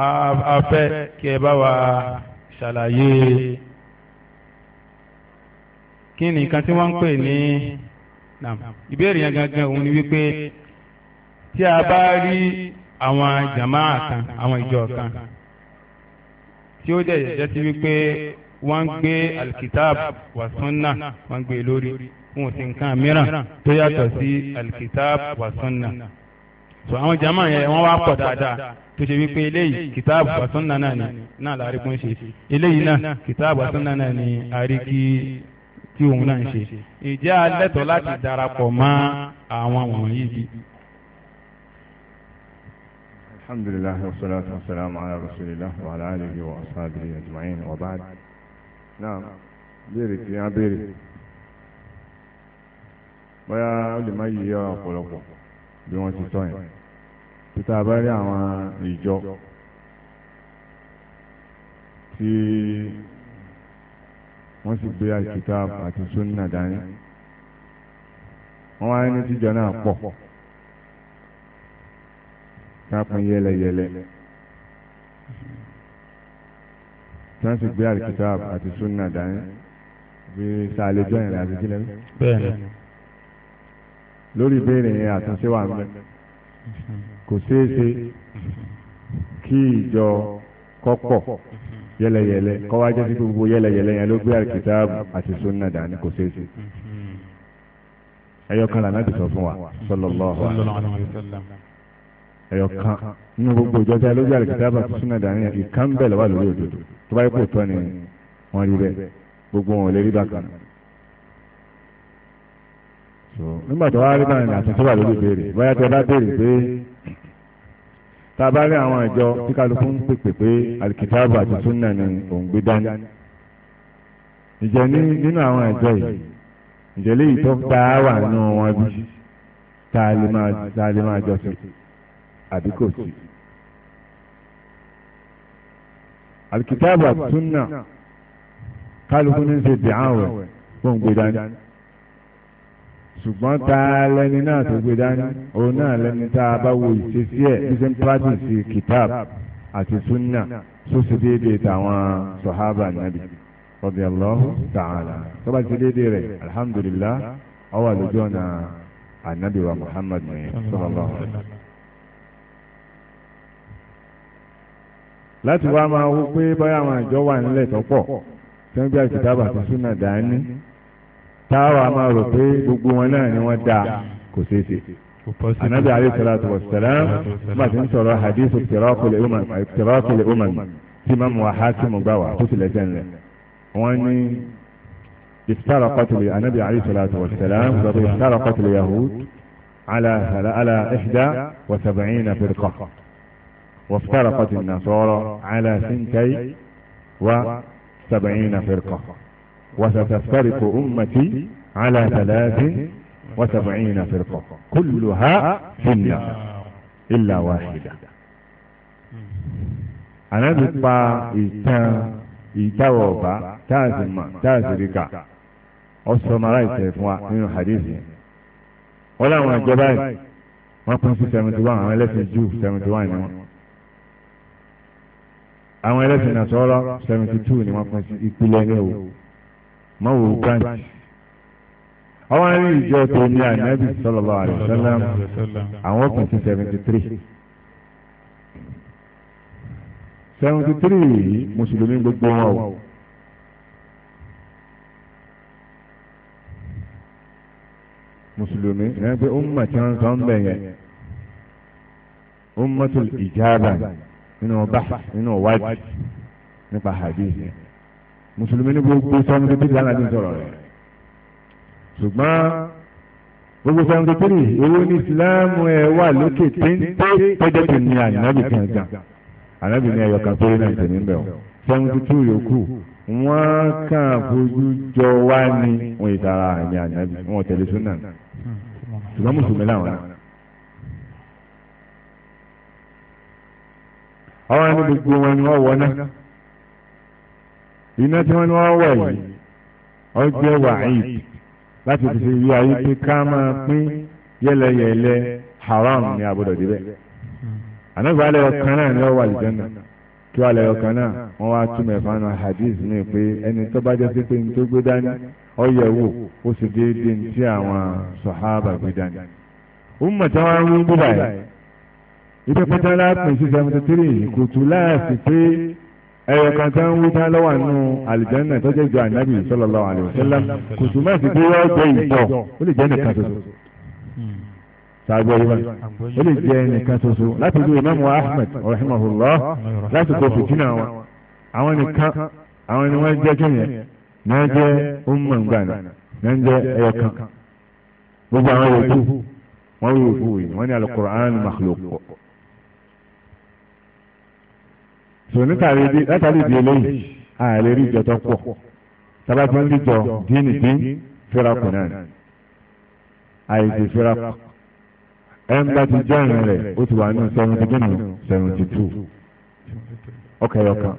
a fẹ́ kí ẹ bá wa ṣàlàyé kí ni nǹkan tí wọ́n ń pè ní ìbéèrè yẹn gangan òun ni wípé tí a bá rí àwọn jamaa kan àwọn ìjọ kan tí ó dẹ̀ jẹ́ sí wípé wọ́n ń gbé alkitab wa sunna wọ́n ń gbé lórí fún òsì nǹkan mìíràn tó yàtọ̀ sí alkitab wa sunna so àwọn jama yẹn wọ́n wá pọ̀ dáadáa tó ṣe wípé eléyìí kìtáàbù àtún nànà ni náà láríkún ṣe eléyìí náà kìtáàbù àtún nànà ni àríkí tí òun náà ń ṣe ìjẹ́ alẹ́tọ̀ láti darapọ̀ mọ́ àwọn wọ̀nyí bí. alhamdulillah wa salatu wa salam ala rasulillah wa ala alihi wa ashabihi ajma'in wa ba'd naam béèrè tí a béèrè bóyá ó má yí ọ̀pọ̀lọpọ̀ bí wọ́n ti tọ́ yẹn títà bá rí àwọn ìjọ tí wọ́n sì gbé alkitab àti sunna dání wọ́n wá ní tíjọ náà pọ̀ kápẹ́ yẹlẹyẹlẹ tí wọ́n sì gbé alkitab àti sunna dání bí sàlẹ̀ jọ́yìn láti kílẹ̀ bẹ́ẹ̀ lórí ìbéèrè yẹn àtúnṣe wà ń bẹ́ẹ̀ kò ṣeé ṣe kí ìjọ kọ́pọ̀ yẹlẹyẹlẹ kọ́wájẹ́ sí gbogbo yẹlẹyẹlẹ yẹn ló gbé àkìtáàbù àti sunna dání kò ṣeé ṣe ẹyọkan lànà ti sọ fún wa sallallahu alaihi wasallam ẹyọkan nínú gbogbo ìjọ tẹ lójú àlùkìtàbà tó súnà dání ìkan bẹ́ẹ̀ lọ́wọ́ lórí òdodo tó bá yẹ kó tọ́ ni wọ́n rí bẹ́ẹ̀ gbogbo wọn ò lè rí bákan náà nígbà tó wá rí báyìí ní àtúntò wà lórí ìbéèrè bóyá tẹ bá béèrè pé tá a bá rí àwọn ìjọ tí kálukú ń pèpè pé alikitaabu àti sunna ni òun gbé dání ìjẹ nínú àwọn ìjọ yìí ìjẹ léyìí tó dá wà nínú wọn bí tá a lè máa jọ sí àbí kò sí. alikitaabu àti sunna kálukú ní ṣe dìhàn wẹ̀ fún gbé dání ṣùgbọ́n ta lẹni náà tó gbé dání òun náà lẹni tá a bá wo ìṣesí ẹ̀ bí ṣe ń pàtìsì kìtàb àti súnà tó ṣe déédéé tàwọn sọ̀hábà nàbì radiyallahu ta'ala tó bá ṣe déédéé rẹ̀ alhamdulillah ó lójú ọ̀nà ànábì wa muhammad ní sallallahu láti wá máa wó pé báyà àwọn àjọ wà nílẹ̀ tó tí wọ́n gbé àkìtàb àti súnà dání. táwa máa rò pé gbogbo wọn náà ni wọ́n dá kò ṣeé ṣe. anabi alayhi salatu wa salam bá ti ń sọ̀rọ̀ hadithu tirakule umar tirakule umar tí ma mu ahakimu gbà wá tó tilẹ̀ sẹ́n rẹ̀. wọ́n ní iftara qatili anabi alayhi salatu wa salam sọ̀rọ̀ iftara qatili yahud ala ala ihda wa sab'ina firqa وافترقت النصارى على سنتي وسبعين فرقة وستفترق أمتي على ثلاث وسبعين فرقة كلها في النار إلا واحدة أنا بقى إتان ìtawọ̀ọ̀bá táàsì mà táàsì ríkà ọ̀sọ̀mọ́ra ìtẹ̀ fún wa nínú hadithi yẹn. wọ́n láwọn àjọba yìí wọ́n pín sí seventy one àwọn ẹlẹ́sìn jù seventy one ni wọ́n. àwọn ẹlẹ́sìn nàṣọ́rọ́ seventy two ni wọ́n pín sí ìpìlẹ̀ ní o má wo branch àwọn ará ìjọ tó ní ànábì sallallahu alaihi wasallam àwọn ọkùn sí seventy three seventy three yìí mùsùlùmí gbogbo wọn o. mùsùlùmí yẹn pé umma tí wọn sọ ń bẹ yẹn ummatul ijaba nínú ọba nínú ọwájú nípa hadith yẹn mùsùlùmí ní gbogbo seventy three lánàá ti sọ̀rọ̀ rẹ̀ ṣùgbọ́n gbogbo seventy three èwo ní ìsìláàmù ẹ̀ wà lókè téńté tọ́jọ́tì ní ànábì kan gan ànábì ní ẹ̀yọ̀kan péré náà tẹ̀ níbẹ̀ o seventy two yòókù wọ́n kàn fojú jọ wá ní wọn ìtara àmì ànábì wọn tẹ̀lé súnà ṣùgbọ́n mùsùlùmí làwọn náà. àwọn ẹni gbogbo wọn ni wọ́n wọ náà iná tí wọ́n ní wọ́n wọ̀ yìí ọjọ́ wàhíì láti fi ṣe yí ayé pé ká máa pín yẹlẹyẹlẹ haram ní àbúrò débẹ̀ ànágbà alẹ́ ọ̀kan náà ni wọ́n wà lùjọ́ náà kí wàá lẹ́yọ̀ kan náà wọ́n wá túmọ̀ ẹ̀fọn náà hadith mi pé ẹni tó bá jẹ́ sí pé ní tó gbé dání ó wò ó sì déédéé ní tí àwọn sọ̀hábà gbé dání. ọmọ tí wọ́n ń wí bíbáyìí ibi pátá sí seventy three kùtù láàfin pé ẹyọ kan tán wí tán lọ́wọ́ nù àlìjẹ́nà tó jẹ́ ìjọ ànábì sallallahu alaihi wasallam kò sùn mọ́ sí pé yọ jẹ́ ìjọ ó lè jẹ́ nìkan ṣoṣo sàgbọ́ yìí wọn ó lè jẹ́ nìkan ṣoṣo láti lu imaamu ahmed rahimahullah láti kó fìtínà wọn àwọn nìkan àwọn ni wọ́n jẹ́ kéèyàn náà jẹ́ ọmọ náà jẹ́ ẹyọ kan gbogbo àwọn yòókù wọ́n wí òkú yìí wọ́n ní al sọ látàrí ìdí eléyìí àlè rí ìjọ tó pọ̀ tábà tí wọ́n rí jọ díìnì dín fírakù náà àìsè fírakù ẹ̀ ń bá ti jọ́ ìrìn rẹ̀ ó ti wà ní seventy two seventy two ọkẹyọkan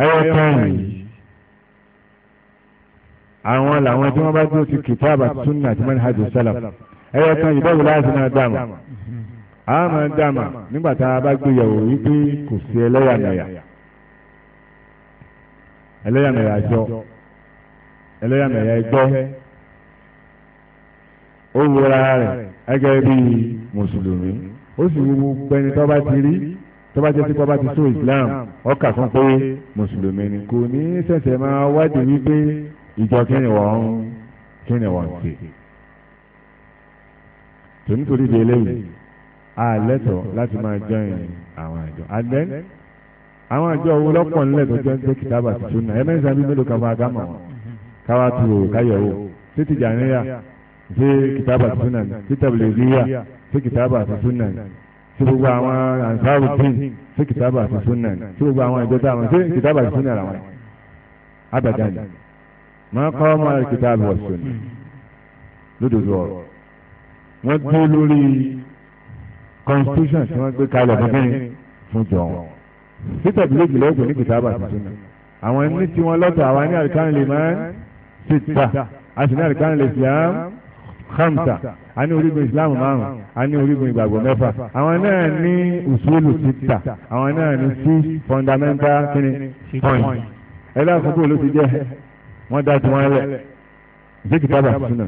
ẹyọkan yìí àwọn làwọn tí wọ́n bá dúró ti kìtàbà sunna àti manhaj salaf ẹyọkan yìí báwo láti máa dáhùn a máa dàmà nígbà tá a bá gbéyàwó wípé kò sí ẹlẹ́yàmẹ̀yà ẹlẹ́yàmẹ̀yà àjọ ẹlẹ́yàmẹ̀yà ẹgbẹ́ ó wúra rẹ̀ gẹ́gẹ́ bí mùsùlùmí ó sì wú gbẹni tó ti rí tó jẹ́ sí bá ti sún Islam ó kà fún pé mùsùlùmí ni kò ní ṣẹ̀ṣẹ̀ máa wádìí wípé ìjọ kí ni wọ́n ń kí ni wọ́n ń ṣe di eléyìí àlẹ́tọ̀ láti máa join àwọn àjọ àdẹ́n àwọn àjọ owó lọ́pọ̀ ńlẹ̀ tó jẹ́ ń tó kìtàbà ti túnà ẹ mẹ́sàn-án bí mélòó kan fún agámọ̀ wọn káwá tu o káyẹ̀wò ṣé Tijaniyya ṣé kìtàbà ti túnà ní ṣé Tabligiyya ṣé kìtàbà ti túnà ní ṣé gbogbo àwọn ansáàbù dín ṣé kìtàbà ti túnà ní ṣé gbogbo àwọn ìjọ táwọn ṣé kìtàbà ti túnà làwọn abadan máa kọ́ ọmọ kìtàbà wọ̀ sùn lódodo ọ̀rọ̀ wọ́n dúró lórí constitution tí wọ́n gbé kalẹ̀ fún kínní fún jọ wọn. títà ìdílé ìgbìlẹ̀ òkè ní kìtà àbàtì tó nà. àwọn ní tiwọn lọ́tọ̀ àwọn ní àríkánì lè máa ń sita a sì ní àríkánì lè fi hàn hamsa a ní orígun islam márùn a ní orígun ìgbàgbọ́ mẹ́fà àwọn náà ní usulu sita àwọn náà ní six fundamental kínní point ẹ dákun kó ló ti jẹ wọ́n dá tiwọn lẹ̀ ṣé kìtà àbàtì tó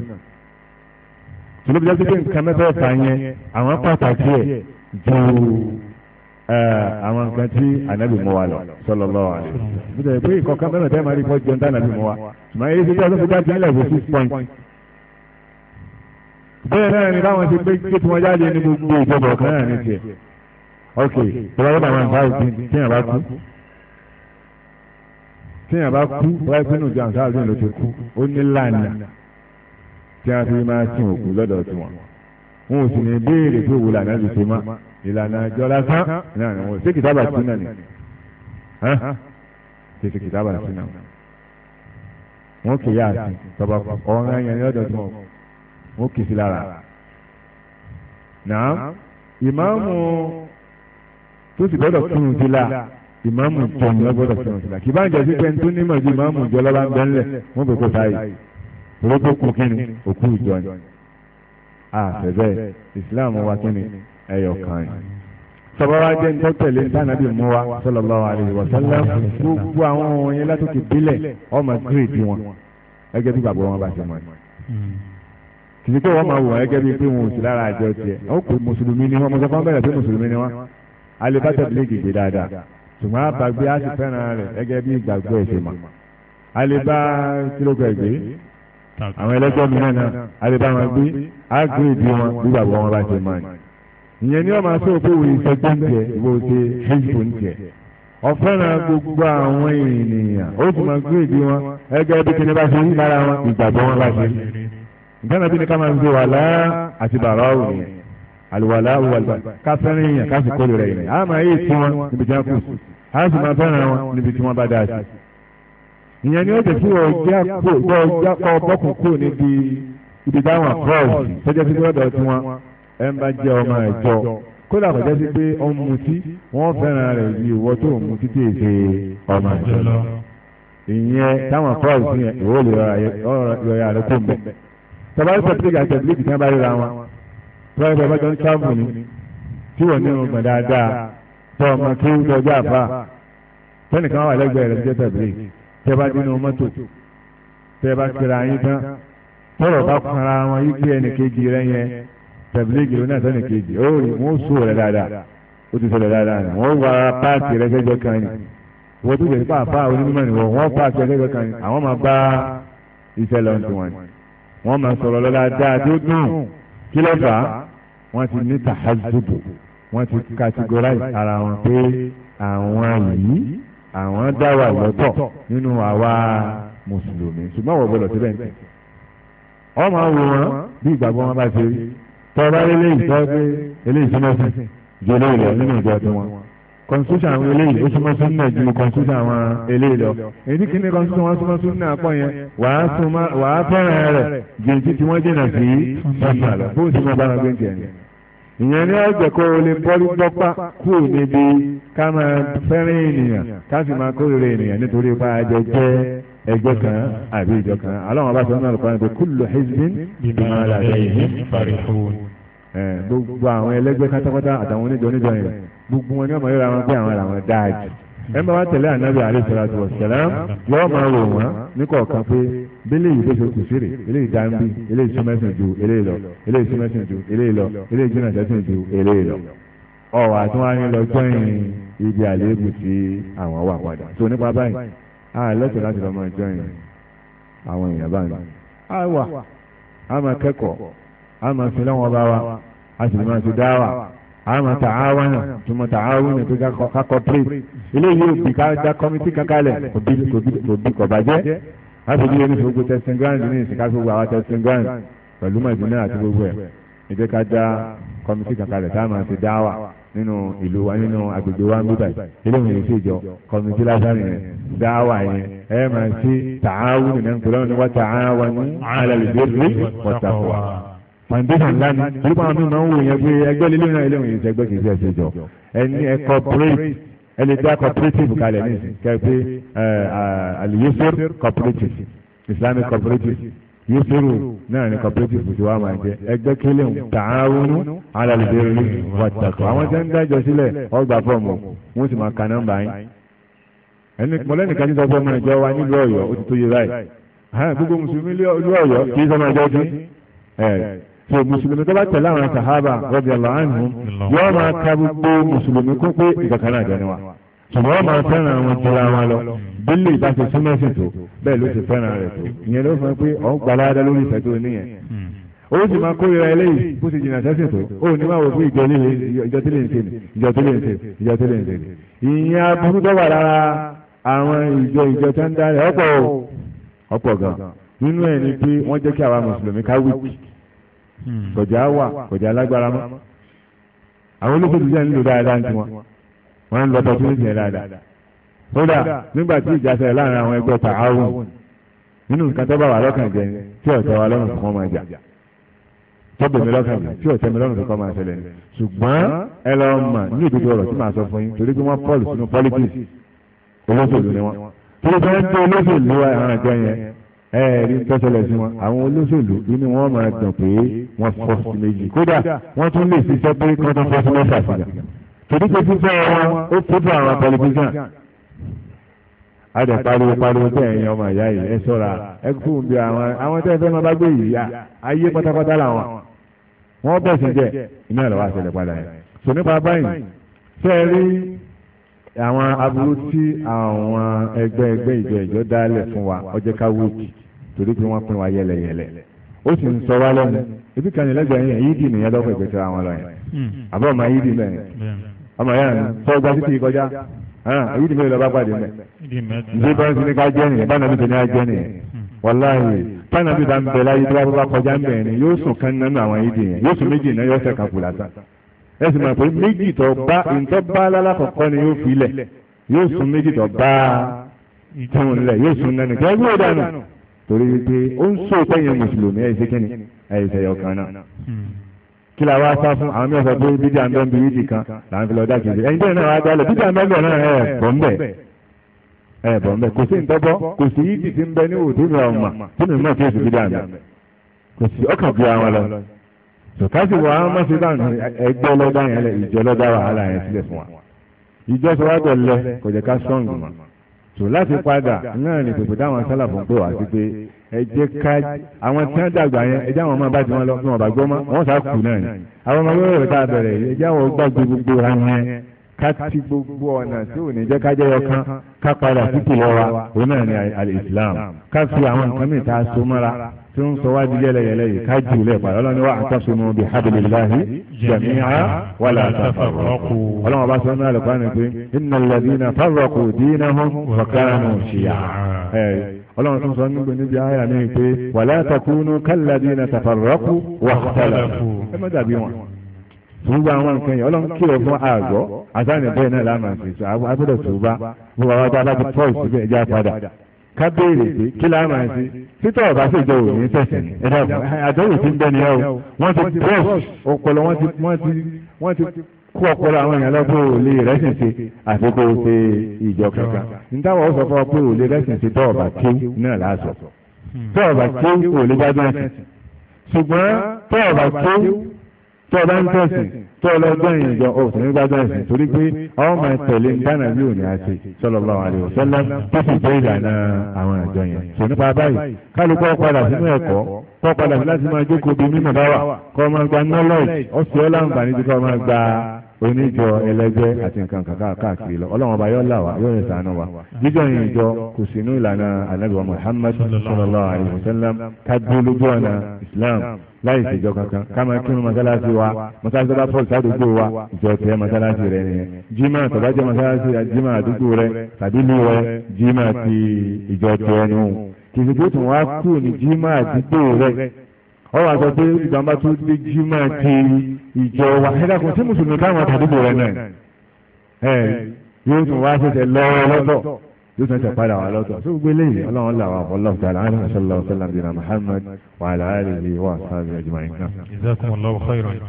tòlóbi jásí pé nǹkan mẹ́fẹ̀ẹ̀fà yẹn àwọn pàtàkì ẹ̀ ju àwọn nǹkan tí anabi mú wa lọ sallallahu alaihi wasallam. bí tẹ̀lé pé ìkọ̀kan mẹ́rin tẹ́ máa rí fọ́ jẹun tí anabi mú wa ṣùgbọ́n èyí ti tẹ́lẹ̀ tó jáde nílẹ̀ wò six point. bẹ́ẹ̀ náà ni báwọn ti gbé gbé tí wọ́n jáde ní gbogbo ìjọba ọ̀kan náà ní tiẹ̀. ok bọ́lá yóò bá wọn bá òbí tíyàn bá kú tíyàn bá kú bọ́lá yóò pinnu tí a fi máa sin òkú lọ́dọ̀ tiwọn wọn ò sì ní béèrè pé wò lànà lè ṣe má ìlànà àjọ lásán náà ni wọn ṣé kìtàbà sí náà ni tètè kìtàbà sí náà wọn kì í yá àti tọba ọ̀ràn yẹn lọ́dọ̀ tiwọn wọn kì í sí lára náà ìmáàmù tó sì gbọ́dọ̀ kírun sí la ìmáàmù tó ń lọ gbọ́dọ̀ kírun sí la kì í bá ń jẹ sí pé ń tún nímọ̀ ju ìmáàmù jọ lọ́ba ń bẹ́ńlẹ̀ wọ́n bẹ̀ kó sáyé ìrógbókù kíni òkú ìjọ ni àfẹ́bẹ́ ìsìláàmù wa kíni ẹ̀yọ̀ kan ni. sọ̀bọ̀wá jẹ́ ní tọ́tẹ̀lé tánàbí mú wa sallallahu alaihi wasallam gbogbo àwọn ohun yẹn látòkè bílẹ̀ ọmọ gírèdì wọn ẹgẹ́ bí gbàgbọ́ wọn bá ṣe mọ̀ kìí pé wọ́n máa wò ẹgẹ́ bíi pé wọn ò sí lára àjọ tiẹ̀ ó pè mùsùlùmí ni wọ́n mọ̀ sọ́kàn bẹ̀rẹ̀ pé mùsùlùmí ni wọ́n alibata bíi gègé dáadáa ṣùgbọ́n àbàgbé á sì fẹ́ràn rẹ̀ ẹgẹ́ bíi gbàgbọ́ ẹ̀ṣẹ̀ mọ̀ alibá kílógà ẹ̀gbẹ́ àwọn ẹlẹ́jọ́ mi náà àdébá wọn gbé ágírèdì wọn bí bàbá wọn bá ṣe máa ní. ìyẹn ni wọn máa sọ pé òye ìṣẹ́jú ń jẹ ìwé òṣè hezbo ń jẹ ọ̀fẹ́ràn gbogbo àwọn ènìyàn ó sì máa gírèdì wọn ẹgbẹ́ bí kíni bá ṣe rí lára wọn ìgbàgbọ́ wọn bá ṣe rí. ìgbàna bí ni ká máa ń gbé wàlá àti bàrà òun yẹn àlùwàlá wàlúwàlú ká fẹ́ràn èèyàn ká sì kó lè rẹ̀ a máa yé tí wọn níbi tí ìyẹn ni ó jẹ́ kí wọ́n já kó já kọ́ bọ́kùn kúrò níbi ibi táwọn bọ́ọ̀lù tó jẹ́ sí lọ́dọ̀ tiwọn ẹ̀ ń bá jẹ́ ọmọ ẹ̀jọ́ kódà kò jẹ́ sí pé ọmọ mutí wọ́n fẹ́ràn rẹ̀ yìí ìwọ tó mú títí èsè ọmọ ẹ̀jọ́ lọ. ìyẹn táwọn bọ́ọ̀lù fi hàn ìwọ lè yọra rẹ kó mbẹ. tọ́ba ìfẹ́ pílíkì àti ẹ̀bílíkì kan bá ríra wọn tọ́ba ìfẹ́ bá jọ ń sáàmù ni tí wọ́n ní ọgbọ̀n dáadáa tọ́ ọmọ kí ó jọjọ́ àbá tẹ́ bá dínú mọ́tò tẹ́ bá kíra yín tán tọrọ bá kun ara wọn yí pé ẹnìkejì rẹ yẹn tẹ̀bílẹ́gì lónà tó ẹnìkejì ó rí wọn ó sùn rẹ dáadáa ó ti sọ̀rọ̀ dáadáa ni wọ́n wá páàkì rẹ sẹ́jọ́ kan ni wọ́n tún tẹ̀sí pàápàá onímọ̀ ni wọ́n wọ́n páàkì rẹ sẹ́jọ́ kan ni àwọn máa bá iṣẹ́ lọ sí wọn ni wọ́n máa sọ̀rọ̀ lọ dáadáa tó dùn kí ló àwọn dá wa lọ́tọ̀ nínú àwa mùsùlùmí ṣùgbọ́n wọ́n gbọ́dọ̀ síbẹ̀ nǹkan. ọmọ wò wọn bí ìgbàgbọ́ wọn bá ṣe rí tọ́ba eléyìí tọ́ pé eléyìí súnmọ́ sí ju eléyìí lọ nínú ìjọ tí wọn. constitution àwọn eléyìí ó súnmọ́ sí náà ju constitution àwọn eléyìí lọ. èyí kí ni constitution wọn súnmọ́ sí náà pọ̀ yẹn wàá fẹ́ràn rẹ̀ jèjì tí wọ́n jìnnà sí sọ́sà bó ti máa bá wọn gbé ń tiẹ̀ ìyẹn ní ọjọ́ kó o lè bọ́ bọ́pá kú níbi ká máa fẹ́ràn ènìyàn ká sì máa kórìíra ènìyàn nítorí pa àjọ jẹ́ ẹgbẹ́ kan àbí ìjọ kan aláwọn bá sọ nínú àlùkò àti kullu hizbin bima ladayhim farihun. gbogbo àwọn ẹlẹgbẹ́ kátàkátà àtàwọn oníjọ oníjọ yẹn gbogbo wọn ní ọmọ yóò ra wọn pé àwọn làwọn dáa ẹ bá wa tẹ̀lé ànábì àríṣàlátù ọ̀sẹ̀lám yọ̀ọ́ máa wò wọ́n ní kọ̀ọ̀kan pé bílẹ̀ yìí bó ṣe kù sí rè eléyìí dáńbí eléyìí súnmẹ́sìn ju eléyìí lọ eléyìí súnmẹ́sìn ju eléyìí lọ eléyìí jìnnà sẹ́sìn ju eléyìí lọ. ọ̀wà tí wọ́n á ní lọ jọ́yìn ibi àléébù tí àwọn wà padà tó nípa báyìí a lẹ́tọ̀ láti lọ máa jọ́yìn àwọn èèyàn báyìí. a wà a máa kẹ́kọ̀ọ́ a máa fi lọ́wọ́ bá wa a sì máa fi dá wa a máa tàáwánà tó máa tàáwánà pé ká kọ́ eléyìí òbí ká dá kọ́mítì kankalẹ̀ òbí kọ̀bàjẹ́ láti bí oníṣòwò gbogbo testing ground ní ìsìn ká gbogbo àwọn testing ground pẹ̀lú mọ̀jìnà àti gbogbo ẹ̀ ìjẹ́ ká dá kọ́mítì kankalẹ̀ tá a máa ti dá wà nínú ìlú wa nínú agbègbè wa ń bíbà eléyìí yìí sì jọ kọ́mítì lásán yẹn dá wà yẹn ẹ máa ṣe tààwù nìyẹn kúrò ní wọ́n tààwà ní alàlùbẹ́rẹ́ wọ́tàkùwà foundation ńlá ni olùkọ́ àwọn mímọ́ ń wò yẹn pé ẹgbẹ́ lílé náà eléyìí yìí ṣẹgbẹ́ kìí ṣe ẹ̀ṣẹ̀ jọ ẹni ẹ cooperate ẹni dá cooperative kalẹ̀ ní kẹ́pẹ́ al-Yusr cooperative Islamic cooperative Yusr náà ni cooperative tí wàá máa jẹ ẹgbẹ́ kílẹ̀ ta'awunu ala al-birri wat-taqwa àwọn tí wọ́n ń dájọ́ sílẹ̀ ọgbà fọ́ọ̀mù wọ́n sì máa ka nọ́mbà yín ẹni mọ̀lẹ́nìkan ní sọ́kọ́ ọmọ ìjọ wa nílùú Ọ̀yọ́ ó ti tó yẹ báyìí gbogbo mùsùlùmí ìlú Ọ̀yọ́ kì í sọ́mọ ìjọ tí mùsùlùmí tó bá tẹ̀lé àwọn sàhábà radiyallahu anhum yóò máa ka gbogbo mùsùlùmí kó pé ìgbàkan náà jẹ́ níwá ṣùgbọ́n máa fẹ́ràn àwọn jọra wọn lọ bílí ìbáṣe súnmọ́sì tó bẹ́ẹ̀ ló ti fẹ́ràn rẹ̀ tó ìyẹn ló fẹ́ pé ọ̀n gbalada lórí ìfẹ́ tó níyẹn ó sì máa kórira eléyìí bó ti jìnnà sẹ́sìn tó ó ní máa wò fún ìjọ líle ìjọ tí lè ń tẹ̀lé ìjọ tí lè ń tẹ̀lé ìjọ tí lè ń tẹ̀lé ìyẹn aburú tó wà lára àwọn ìjọ ìjọ tó ń darí ọ̀pọ̀ ọ̀pọ̀ gan nínú ẹ̀ ni pé wọ́n jẹ́ kí àwa mùsùlùmí ká wíkì Hmm. kọjá wà kọjá lágbára mọ́ àwọn olókòtò jẹ́ nílò dáadáa ní tiwọn wọ́n ń lọ tọ́tún ní tiẹ̀ dáadáa kódà nígbà tí ìjà ṣẹlẹ̀ láàrin àwọn ẹgbẹ́ tààrùn nínú nǹkan tó bá wà lọ́kàn jẹ tí ọ̀tẹ̀ wa lọ́rùn kọ́ máa jà tọ́bù mi lọ́kàn jẹ tí ọ̀tẹ̀ mi lọ́rùn kọ́ máa ṣẹlẹ̀ ṣùgbọ́n ẹ lọ mọ̀ ní ìdíje ọ̀rọ̀ tí màá sọ fún yín torí pé wọ́n pọ́ọ̀lù sínú politics olóṣèlú ni wọ́n torí pé wọ́n ń tó olóṣèlú ẹ̀hán ẹ̀jọ́ yẹn ẹ̀ẹ́dì tọ́sẹ̀lẹ̀ sí wọn àwọn olóṣèlú inú wọn máa dàn pé wọ́n fọ́ sí méjì kódà wọ́n tún lè ṣiṣẹ́ pé kí wọ́n tún fọ́ sí mẹ́fà sílẹ̀ torí pé fífẹ́ wọn ó kótó àwọn tẹlifíṣàn adẹ pariwo pariwo tẹ ẹ̀yin ọmọ ìyá yìí ẹ ṣọ́ra ẹ kú bí àwọn àwọn tẹ fẹ́ máa bá gbé yìí yá ayé pátápátá làwọn wọn bẹ̀ sí jẹ iná ìlọ wa ṣẹlẹ̀ padà yẹn sọ nípa báyìí tẹ́ rí àwọn aburú tí àwọn ẹgbẹ́ ẹgbẹ́ ìjọ ìjọ dálẹ̀ fún wa ọjọ́ ká wúkì torí pé wọ́n pín wa yẹlẹyẹlẹ ó sì ń sọ wá lẹ́nu ibi kan ní lẹ́gbẹ̀ẹ́ yẹn yídì nìyẹn lọ́kọ̀ ìgbésẹ̀ àwọn lọ yẹn hmm. àbọ̀ ọmọ yídì mẹ́rin ọmọ yẹn sọ gba títí kọjá yídì mẹ́rin lọ́ba pàdé mẹ́ ní bá ń sinika jẹ́ nìyẹn bá nàbí tẹ̀lé ajẹ́ nìyẹn wàláhì tánàbí bá ń bẹ láyé tó bá kọjá mẹ́rin yóò sùn kan nínú àwọn yídì yẹn yóò sùn méjì náà yóò sẹ̀ kàkùlà tán ẹ sì mọ̀ pé méjì tó bá ntọ́ bá lálàkọ̀kọ́ ni torí wípé ó ń sọ ìpẹ́yìn mùsùlùmí ẹ̀ ṣe kíni ẹ̀ ṣe ọkàn náà kí la wá sá fún àwọn mí ọ̀sán pé bídí àmì ọ̀nbí wíìdì kan là ń fi lọ dákìsí ẹ̀yin tẹ́lẹ̀ náà wá dálẹ̀ bídí àmì ọ̀nbí náà ẹ̀ bọ̀ ń bẹ̀ ẹ̀ bọ̀ ń bẹ̀ kò sí ìtọ́bọ́ kò sí yídì tí ń bẹ ní òtún mi ọ̀mà tí mi mọ̀ kí èsì bídí àmì kò sí ọkàn bí àwọn lọ sọkásì wọ àwọn mọ̀sí bá ẹgbẹ́ ọlọ́dá yẹn lẹ ìjọ ọlọ́dá wàhálà yẹn sílẹ̀ fún wa ìjọ sọ wá bẹ̀ lẹ kò jẹ́ ká sọ́ǹgù tò láti padà náà ní pèpè táwọn sálàfù ń pè wá sí pé ẹ jẹ́ ká àwọn tí wọ́n dàgbà yẹn ẹ jẹ́ àwọn ọmọ bá ti wọn lọ bí wọ́n bá gbọ́ mọ́ wọ́n sá kù náà ni àwọn ọmọ yóò rẹ̀ tá a bẹ̀rẹ̀ yìí ẹ jẹ́ àwọn gbàgbé gbogbo ra yẹn ká ti gbogbo ọ̀nà tí ò ní jẹ́ ká jẹ́ ọkàn ká padà sí kìlọ̀ wa òun náà ni al-Islam ká fi àwọn nǹkan mìíràn tá a so mọ́ra tí ń sọ wá di yẹlẹyẹlẹ yìí ká jù lẹ padà ọlọ́ni wa àtàkùnmọ́ bíi habilillahi jami'a wàlà tafarraqu. ọlọ́wọ́n bá sọ́nà àlùkò ni pé innal ladhina farraqu dinahum wa kanu shiya'a. ọlọ́wọ́n tún sọ nígbà níbi àyà mi pé wàlà takunu kalladhina tafarraqu wa ikhtalafu. ẹ má dàbí wọn. tùbà àwọn nǹkan yẹn ọlọ́run kìlọ̀ fún àgọ́ àtàwọn ìbẹ́ẹ̀ náà lámà ká béèrè pé kí láà máa ṣe títọ́ ọ̀bá ṣèjọ ò ní tẹ̀sẹ̀ ní ẹ̀dá àdéhùn ti ń bẹ́ni ẹ̀ o wọ́n ti press ọpọlọ wọ́n ti wọ́n ti wọ́n ti kó ọpọlọ àwọn èèyàn lọ́gbọ́ òòlè rẹ́sìn ṣe àti kó o ṣe ìjọ kankan nítawọ̀ ó sọ fún ọ pé òòlè rẹ́sìn ṣe tọ́ ọ̀bà kéw náà láàṣọ tọ́ ọ̀bà kéw òòlè bá gbọ́n ṣùgbọ́n tọ́ ọ̀bà kéw tó o bá ń tẹ̀sìn tó o lọ gbọ́ ìyẹn jọ o sì ní gbàgbọ́ ẹ̀sìn torí pé àwọn máa tẹ̀lé dáná bí òní àti sallallahu alaihi wasallam tó sì jẹ́ ìlànà àwọn àjọ yẹn. sọ nípa báyìí kálukọ́ padà sínú ẹ̀kọ́ kọ́ padà sí láti máa jókòó bí mímọ̀ bá wà kọ́ máa gba knowledge ọ̀sẹ̀ ọ̀là ń bà ní kọ́ máa gba oníjọ ẹlẹgbẹ́ àti nǹkan kàkà káàkiri lọ Ọlọ́run ọba yóò là wá yóò rìn sànù wa jíjọ yìí jọ kò sínú ìlànà Ànábì wa Muhammad sallallahu alaihi wasallam ká dúró lójú ọ̀nà Islam láì ṣèjọ kankan káma kírun mọ́sálásí wa mọ́sálásí tó bá fọ́ọ̀lù sádùúgbò wa ìjọ tẹ mọ́sálásí rẹ nìyẹn jimá tó bá jẹ́ mọ́sálásí jimá àdúgbò rẹ tàbí ìlú rẹ jimá ti ìjọ tẹ nù. kìsìkì tó wá kú ní jimá àdúgbò rẹ ọ wà sọ pé ìgbàmbá tó dé jimá ti ìjọ wa ẹ̀dá kan sí mùsùlùmí káwọn àdúgbò rẹ náà yóò tún wá ṣẹ̀ṣẹ̀ lọ́wọ́ yóò tún ṣe padà wà lọ́tọ̀ tó gbé lẹ́yìn ọlọ́run làwọn àfọlọ́fù tààlà ánà sọlọ sọlọ bìnnà muhammad wà láàrin ìwà sábẹ ẹjùmáyìn náà. jazakumullahu khairan.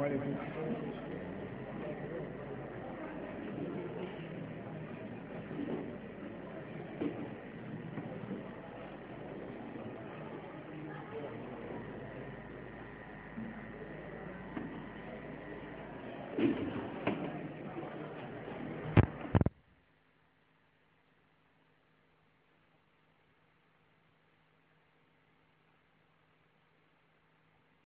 Thank you.